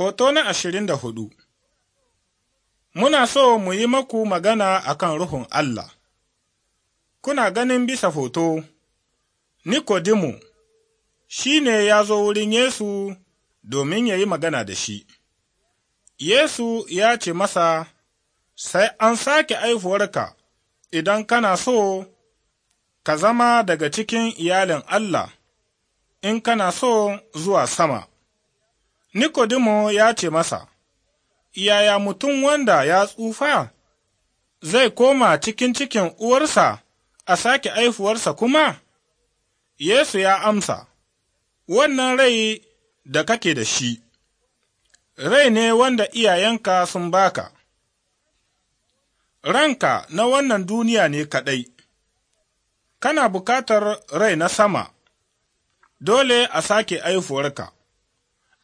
Hoto na ashirin da hudu Muna so mu yi maku magana a kan Ruhun Allah Kuna ganin bisa hoto, Nikodimu shi ne ya zo wurin Yesu domin ya yi magana da shi. Yesu ya ce masa, Sai an sake aifuwarka idan kana so ka zama daga cikin iyalin Allah, in kana so zuwa sama. Nikodimo ya ce masa, Yaya mutum wanda ya tsufa zai koma cikin cikin uwarsa a sake aifuwarsa kuma? Yesu ya amsa, Wannan rai da kake da shi, rai ne wanda iyayenka sun baka, ranka na wannan duniya ne kaɗai, kana bukatar rai na sama, dole a sake aifuwarka.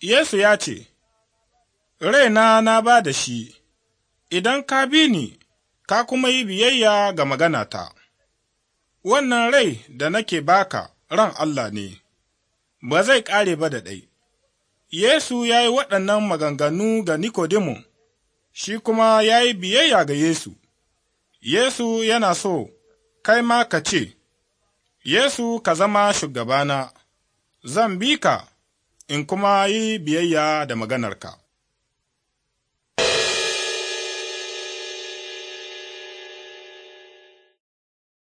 Yesu ya ce, Raina na ba da shi, idan ka bi ni, ka kuma yi biyayya ga magana ta. wannan rai da nake baka ran Allah ne, ba zai ƙare ba da ɗai. Yesu ya yi waɗannan maganganu ga Nikodimu. shi kuma ya yi biyayya ga Yesu. Yesu yana so, kai ma ka ce, Yesu ka zama shugabana, zan bi ka in kuma yi biyayya da maganarka.